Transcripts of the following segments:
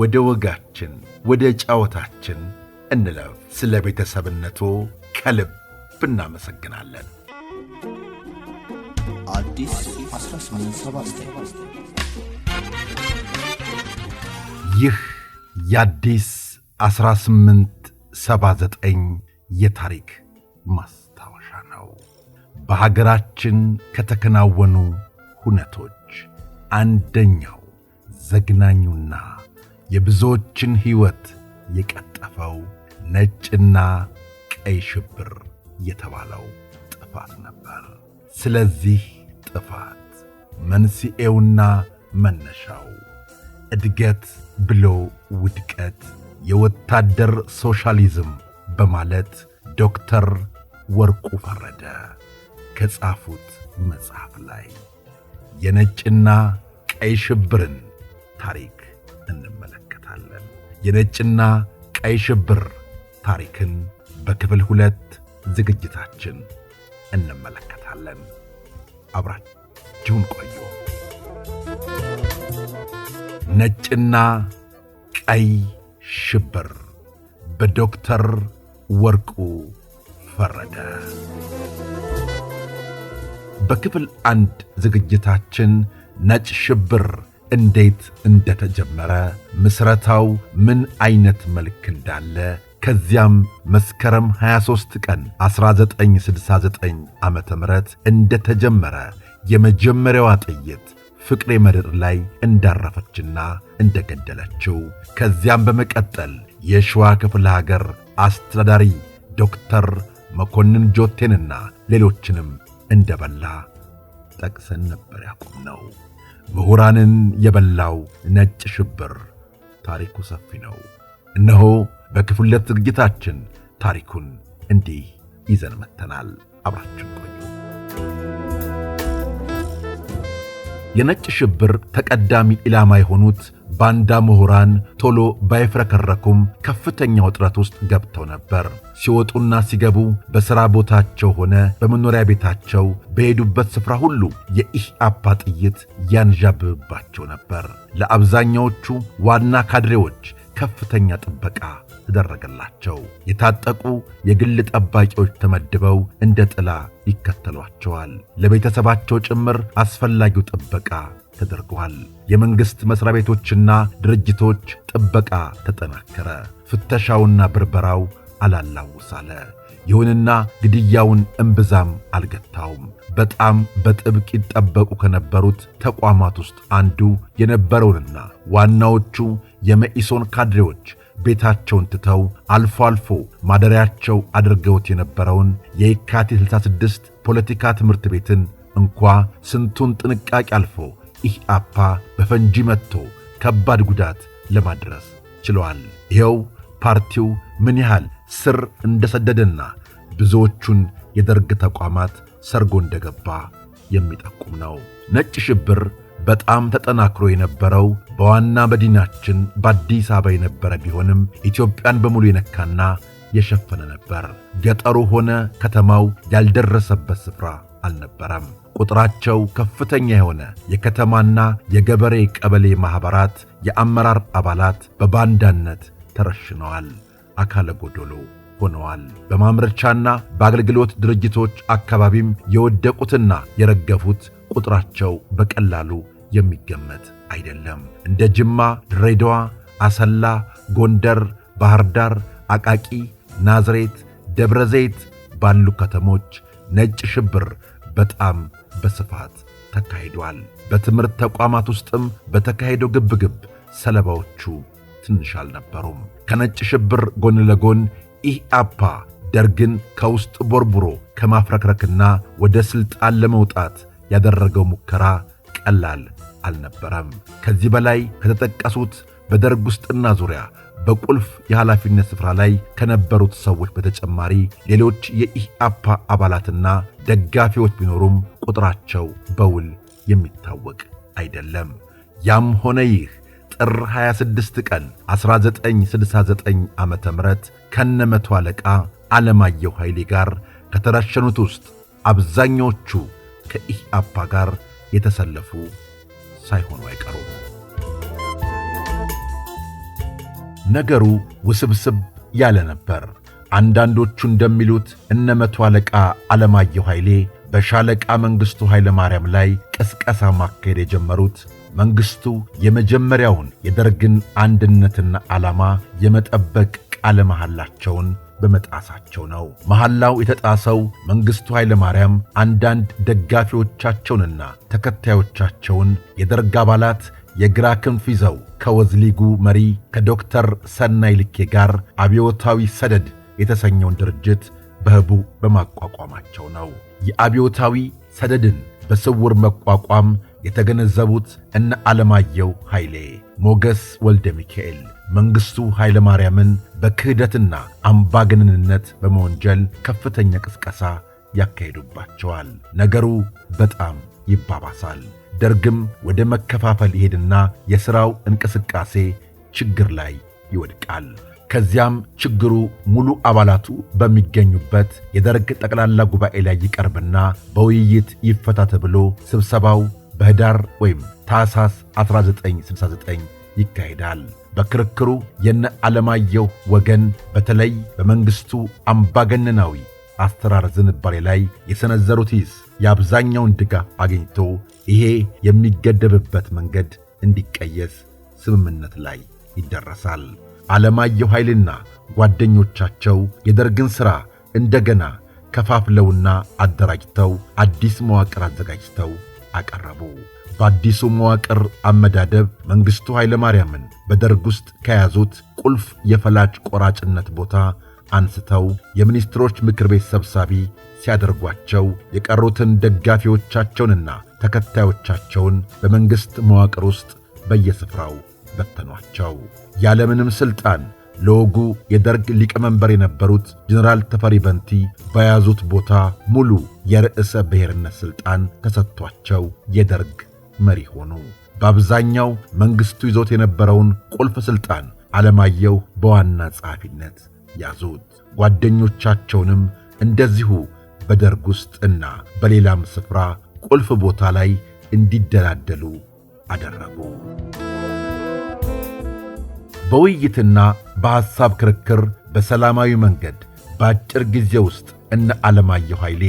ወደ ወጋችን ወደ ጫወታችን እንለፍ። ስለ ቤተሰብነቱ ከልብ እናመሰግናለን። ይህ የአዲስ 1879 የታሪክ ማስታወሻ ነው። በሀገራችን ከተከናወኑ ሁነቶች አንደኛው ዘግናኙና የብዙዎችን ሕይወት የቀጠፈው ነጭና ቀይ ሽብር የተባለው ጥፋት ነበር። ስለዚህ ጥፋት መንስኤውና መነሻው እድገት ብሎ ውድቀት፣ የወታደር ሶሻሊዝም በማለት ዶክተር ወርቁ ፈረደ ከጻፉት መጽሐፍ ላይ የነጭና ቀይ ሽብርን ታሪክ እንመለከታለን። የነጭና ቀይ ሽብር ታሪክን በክፍል ሁለት ዝግጅታችን እንመለከታለን። አብራችሁን ቆዩ። ነጭና ቀይ ሽብር በዶክተር ወርቁ ፈረደ። በክፍል አንድ ዝግጅታችን ነጭ ሽብር እንዴት እንደተጀመረ፣ ምስረታው ምን አይነት መልክ እንዳለ ከዚያም መስከረም 23 ቀን 1969 ዓመተ እንደተጀመረ የመጀመሪያዋ ጥይት ፍቅሬ መድር ላይ እንዳረፈችና እንደገደለችው ከዚያም በመቀጠል የሸዋ ክፍለ ሀገር አስተዳዳሪ ዶክተር መኮንን ጆቴንና ሌሎችንም እንደበላ ጠቅሰን ነበር ያቆምነው። ምሁራንን የበላው ነጭ ሽብር ታሪኩ ሰፊ ነው። እነሆ በክፍል ሁለት ዝግጅታችን ታሪኩን እንዲህ ይዘን መጥተናል። አብራችን ቆዩ። የነጭ ሽብር ተቀዳሚ ኢላማ የሆኑት ባንዳ ምሁራን ቶሎ ባይፍረከረኩም ከፍተኛ ውጥረት ውስጥ ገብተው ነበር። ሲወጡና ሲገቡ በሥራ ቦታቸው ሆነ በመኖሪያ ቤታቸው በሄዱበት ስፍራ ሁሉ የኢህአፓ ጥይት ያንዣብብባቸው ነበር። ለአብዛኛዎቹ ዋና ካድሬዎች ከፍተኛ ጥበቃ ተደረገላቸው። የታጠቁ የግል ጠባቂዎች ተመድበው እንደ ጥላ ይከተሏቸዋል። ለቤተሰባቸው ጭምር አስፈላጊው ጥበቃ ተደርጓል። የመንግሥት መሥሪያ ቤቶችና ድርጅቶች ጥበቃ ተጠናከረ። ፍተሻውና ብርበራው አላላውሳለ። ይሁንና ግድያውን እምብዛም አልገታውም። በጣም በጥብቅ ይጠበቁ ከነበሩት ተቋማት ውስጥ አንዱ የነበረውንና ዋናዎቹ የመኢሶን ካድሬዎች ቤታቸውን ትተው አልፎ አልፎ ማደሪያቸው አድርገውት የነበረውን የየካቲት 66 ፖለቲካ ትምህርት ቤትን እንኳ ስንቱን ጥንቃቄ አልፎ ኢህአፓ በፈንጂ መጥቶ ከባድ ጉዳት ለማድረስ ችለዋል። ይኸው ፓርቲው ምን ያህል ስር እንደሰደደና ብዙዎቹን የደርግ ተቋማት ሰርጎ እንደገባ የሚጠቁም ነው። ነጭ ሽብር በጣም ተጠናክሮ የነበረው በዋና መዲናችን በአዲስ አበባ የነበረ ቢሆንም ኢትዮጵያን በሙሉ የነካና የሸፈነ ነበር። ገጠሩ ሆነ ከተማው ያልደረሰበት ስፍራ አልነበረም። ቁጥራቸው ከፍተኛ የሆነ የከተማና የገበሬ ቀበሌ ማኅበራት የአመራር አባላት በባንዳነት ተረሽነዋል፣ አካለ ጎዶሎ ሆነዋል። በማምረቻና በአገልግሎት ድርጅቶች አካባቢም የወደቁትና የረገፉት ቁጥራቸው በቀላሉ የሚገመት አይደለም። እንደ ጅማ፣ ድሬዳዋ፣ አሰላ፣ ጎንደር፣ ባህር ዳር፣ አቃቂ፣ ናዝሬት፣ ደብረ ዘይት ባሉ ከተሞች ነጭ ሽብር በጣም በስፋት ተካሂዷል። በትምህርት ተቋማት ውስጥም በተካሄደው ግብግብ ሰለባዎቹ ትንሽ አልነበሩም። ከነጭ ሽብር ጎን ለጎን ኢህአፓ ደርግን ከውስጥ ቦርቡሮ ከማፍረክረክና ወደ ሥልጣን ለመውጣት ያደረገው ሙከራ ቀላል አልነበረም። ከዚህ በላይ ከተጠቀሱት በደርግ ውስጥና ዙሪያ በቁልፍ የኃላፊነት ስፍራ ላይ ከነበሩት ሰዎች በተጨማሪ ሌሎች የኢህአፓ አባላትና ደጋፊዎች ቢኖሩም ቁጥራቸው በውል የሚታወቅ አይደለም። ያም ሆነ ይህ ጥር 26 ቀን 1969 ም ከነ ከነመቶ አለቃ ዓለማየሁ ኃይሌ ጋር ከተረሸኑት ውስጥ አብዛኛዎቹ ከኢህአፓ ጋር የተሰለፉ ሳይሆኑ አይቀሩም። ነገሩ ውስብስብ ያለ ነበር። አንዳንዶቹ እንደሚሉት እነ መቶ አለቃ አለማየሁ ኃይሌ በሻለቃ መንግሥቱ ኃይለ ማርያም ላይ ቅስቀሳ ማካሄድ የጀመሩት መንግሥቱ የመጀመሪያውን የደርግን አንድነትና ዓላማ የመጠበቅ ቃለ መሐላቸውን በመጣሳቸው ነው። መሐላው የተጣሰው መንግሥቱ ኃይለ ማርያም አንዳንድ ደጋፊዎቻቸውንና ተከታዮቻቸውን የደርግ አባላት የግራ ክንፍ ይዘው ከወዝሊጉ መሪ ከዶክተር ሰናይ ልኬ ጋር አብዮታዊ ሰደድ የተሰኘውን ድርጅት በህቡ በማቋቋማቸው ነው። የአብዮታዊ ሰደድን በስውር መቋቋም የተገነዘቡት እነ ዓለማየሁ ኃይሌ፣ ሞገስ ወልደ ሚካኤል መንግሥቱ ኃይለ ማርያምን በክህደትና አምባገነንነት በመወንጀል ከፍተኛ ቅስቀሳ ያካሂዱባቸዋል። ነገሩ በጣም ይባባሳል። ደርግም ወደ መከፋፈል ይሄድና የሥራው እንቅስቃሴ ችግር ላይ ይወድቃል። ከዚያም ችግሩ ሙሉ አባላቱ በሚገኙበት የደርግ ጠቅላላ ጉባኤ ላይ ይቀርብና በውይይት ይፈታ ተብሎ ስብሰባው በህዳር ወይም ታኅሳስ 1969 ይካሄዳል። በክርክሩ የነ ዓለማየሁ ወገን በተለይ በመንግሥቱ አምባገነናዊ አስተራር ዝንባሌ ላይ የሰነዘሩት ይስ የአብዛኛውን ድጋፍ አግኝቶ ይሄ የሚገደብበት መንገድ እንዲቀየስ ስምምነት ላይ ይደረሳል። ዓለማየሁ ኃይልና ጓደኞቻቸው የደርግን ሥራ እንደገና ከፋፍለውና አደራጅተው አዲስ መዋቅር አዘጋጅተው አቀረቡ። በአዲሱ መዋቅር አመዳደብ መንግሥቱ ኃይለማርያምን በደርግ ውስጥ ከያዙት ቁልፍ የፈላጭ ቆራጭነት ቦታ አንስተው የሚኒስትሮች ምክር ቤት ሰብሳቢ ሲያደርጓቸው የቀሩትን ደጋፊዎቻቸውንና ተከታዮቻቸውን በመንግሥት መዋቅር ውስጥ በየስፍራው በተኗቸው። ያለምንም ሥልጣን ለወጉ የደርግ ሊቀመንበር የነበሩት ጀነራል ተፈሪ በንቲ በያዙት ቦታ ሙሉ የርዕሰ ብሔርነት ሥልጣን ተሰጥቷቸው የደርግ መሪ ሆኑ። በአብዛኛው መንግሥቱ ይዞት የነበረውን ቁልፍ ሥልጣን ዓለማየሁ በዋና ጸሐፊነት ያዙት። ጓደኞቻቸውንም እንደዚሁ በደርግ ውስጥና በሌላም ስፍራ ቁልፍ ቦታ ላይ እንዲደላደሉ አደረጉ። በውይይትና በሐሳብ ክርክር በሰላማዊ መንገድ በአጭር ጊዜ ውስጥ እነ ዓለማየሁ ኃይሌ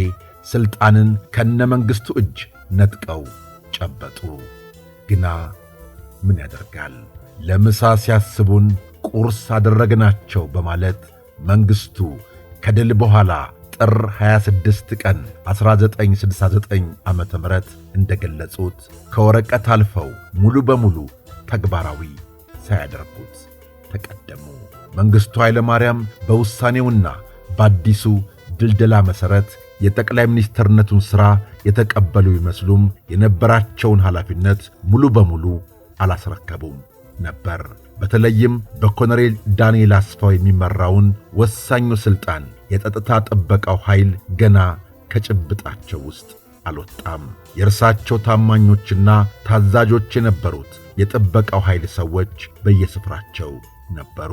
ሥልጣንን ከነ መንግሥቱ እጅ ነጥቀው ጨበጡ። ግና ምን ያደርጋል ለምሳ ሲያስቡን ቁርስ አደረግናቸው በማለት መንግሥቱ ከድል በኋላ ጥር 26 ቀን 1969 ዓ ም እንደገለጹት ከወረቀት አልፈው ሙሉ በሙሉ ተግባራዊ ሳያደርጉት ተቀደሙ። መንግሥቱ ኃይለማርያም በውሳኔውና በአዲሱ ድልድላ መሠረት የጠቅላይ ሚኒስትርነቱን ሥራ የተቀበሉ ቢመስሉም የነበራቸውን ኃላፊነት ሙሉ በሙሉ አላስረከቡም ነበር። በተለይም በኮሎኔል ዳንኤል አስፋው የሚመራውን ወሳኙ ሥልጣን የጸጥታ ጥበቃው ኃይል ገና ከጭብጣቸው ውስጥ አልወጣም። የእርሳቸው ታማኞችና ታዛዦች የነበሩት የጥበቃው ኃይል ሰዎች በየስፍራቸው ነበሩ።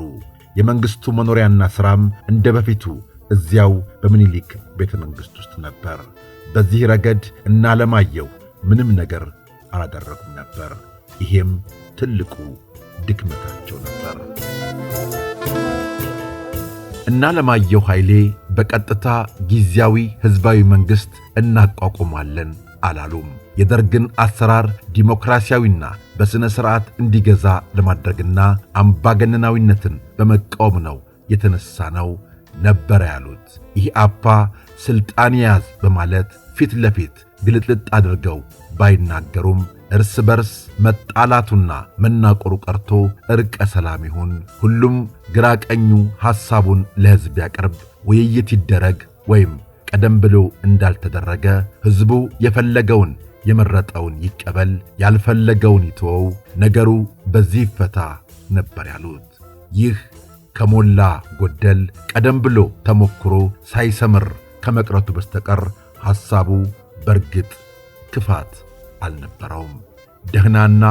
የመንግሥቱ መኖሪያና ሥራም እንደ በፊቱ እዚያው በምኒልክ ቤተ መንግሥት ውስጥ ነበር። በዚህ ረገድ እና ለማየው ምንም ነገር አላደረጉም ነበር። ይሄም ትልቁ ድክመታቸው ነበር። እና ለማየው ኃይሌ በቀጥታ ጊዜያዊ ሕዝባዊ መንግሥት እናቋቁማለን አላሉም። የደርግን አሰራር ዲሞክራሲያዊና በሥነ ሥርዓት እንዲገዛ ለማድረግና አምባገነናዊነትን በመቃወም ነው የተነሳ ነው ነበረ ያሉት። ኢህአፓ ሥልጣን ያዝ በማለት ፊት ለፊት ግልጥልጥ አድርገው ባይናገሩም እርስ በርስ መጣላቱና መናቆሩ ቀርቶ ዕርቀ ሰላም ይሁን። ሁሉም ግራ ቀኙ ሐሳቡን ለሕዝብ ያቅርብ፣ ውይይት ይደረግ፣ ወይም ቀደም ብሎ እንዳልተደረገ ሕዝቡ የፈለገውን የመረጠውን ይቀበል፣ ያልፈለገውን ይተወው፣ ነገሩ በዚህ ይፈታ ነበር ያሉት። ይህ ከሞላ ጎደል ቀደም ብሎ ተሞክሮ ሳይሰምር ከመቅረቱ በስተቀር ሐሳቡ በርግጥ ክፋት አልነበረውም። ደህናና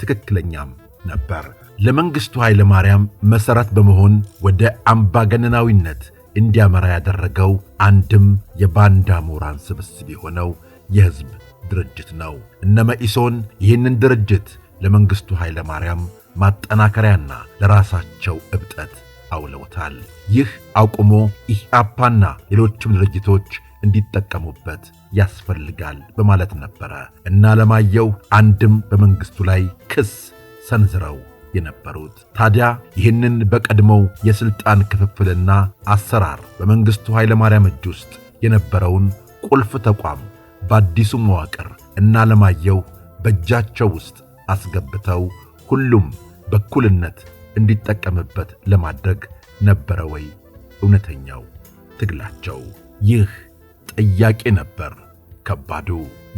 ትክክለኛም ነበር። ለመንግሥቱ ኃይለ ማርያም መሠረት በመሆን ወደ አምባገነናዊነት እንዲያመራ ያደረገው አንድም የባንዳ ምሁራን ስብስብ የሆነው የሕዝብ ድርጅት ነው። እነ መኢሶን ይህንን ድርጅት ለመንግሥቱ ኃይለ ማርያም ማጠናከሪያና ለራሳቸው እብጠት አውለውታል። ይህ አቁሞ ኢህአፓና ሌሎችም ድርጅቶች እንዲጠቀሙበት ያስፈልጋል በማለት ነበረ እና ለማየው አንድም በመንግስቱ ላይ ክስ ሰንዝረው የነበሩት። ታዲያ ይህንን በቀድሞው የሥልጣን ክፍፍልና አሰራር በመንግሥቱ ኃይለማርያም እጅ ውስጥ የነበረውን ቁልፍ ተቋም በአዲሱ መዋቅር እና ለማየው በእጃቸው ውስጥ አስገብተው ሁሉም በኩልነት እንዲጠቀምበት ለማድረግ ነበረ ወይ እውነተኛው ትግላቸው? ይህ ጥያቄ ነበር። ከባዱ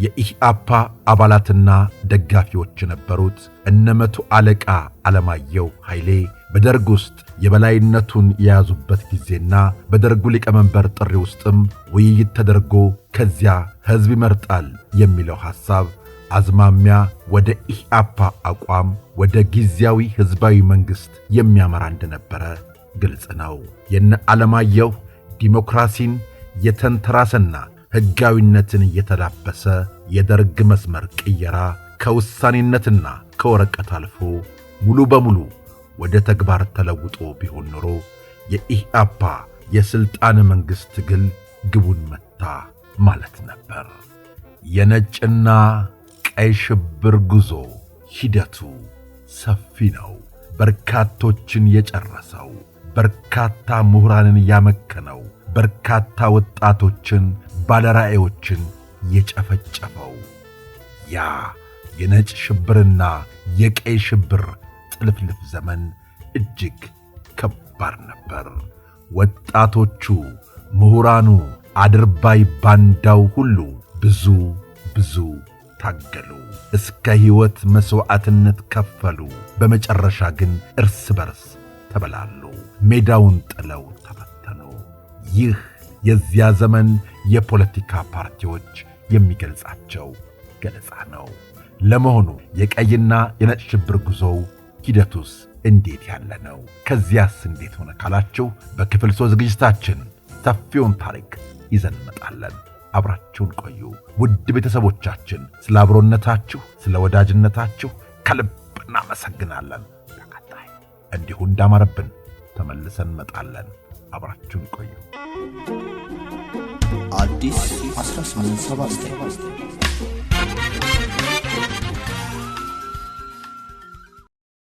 የኢህአፓ አባላትና ደጋፊዎች የነበሩት እነ መቶ አለቃ አለማየሁ ኃይሌ በደርግ ውስጥ የበላይነቱን የያዙበት ጊዜና በደርጉ ሊቀመንበር ጥሪ ውስጥም ውይይት ተደርጎ ከዚያ ሕዝብ ይመርጣል የሚለው ሐሳብ አዝማሚያ ወደ ኢህአፓ አቋም ወደ ጊዜያዊ ሕዝባዊ መንግሥት የሚያመራ እንደነበረ ግልጽ ነው። የነ ዓለማየሁ ዲሞክራሲን የተንተራሰና ሕጋዊነትን እየተላበሰ የደርግ መስመር ቅየራ ከውሳኔነትና ከወረቀት አልፎ ሙሉ በሙሉ ወደ ተግባር ተለውጦ ቢሆን ኖሮ የኢህአፓ የሥልጣን መንግሥት ትግል ግቡን መታ ማለት ነበር። የነጭና ቀይ ሽብር ጉዞ ሂደቱ ሰፊ ነው። በርካቶችን የጨረሰው፣ በርካታ ምሁራንን ያመከነው በርካታ ወጣቶችን ባለራዕዮችን የጨፈጨፈው ያ የነጭ ሽብርና የቀይ ሽብር ጥልፍልፍ ዘመን እጅግ ከባድ ነበር። ወጣቶቹ፣ ምሁራኑ፣ አድርባይ ባንዳው ሁሉ ብዙ ብዙ ታገሉ፣ እስከ ሕይወት መሥዋዕትነት ከፈሉ። በመጨረሻ ግን እርስ በርስ ተበላሉ፣ ሜዳውን ጥለው ተበ ይህ የዚያ ዘመን የፖለቲካ ፓርቲዎች የሚገልጻቸው ገለጻ ነው። ለመሆኑ የቀይና የነጭ ሽብር ጉዞው ሂደቱስ እንዴት ያለ ነው? ከዚያስ እንዴት ሆነ ካላችሁ በክፍል ሶስት ዝግጅታችን ሰፊውን ታሪክ ይዘን እንመጣለን። አብራችሁን ቆዩ። ውድ ቤተሰቦቻችን ስለ አብሮነታችሁ፣ ስለ ወዳጅነታችሁ ከልብ እናመሰግናለን። በቀጣይ እንዲሁ እንዳማረብን ተመልሰን እንመጣለን። አብራችሁን ቆዩ። አዲስ 1879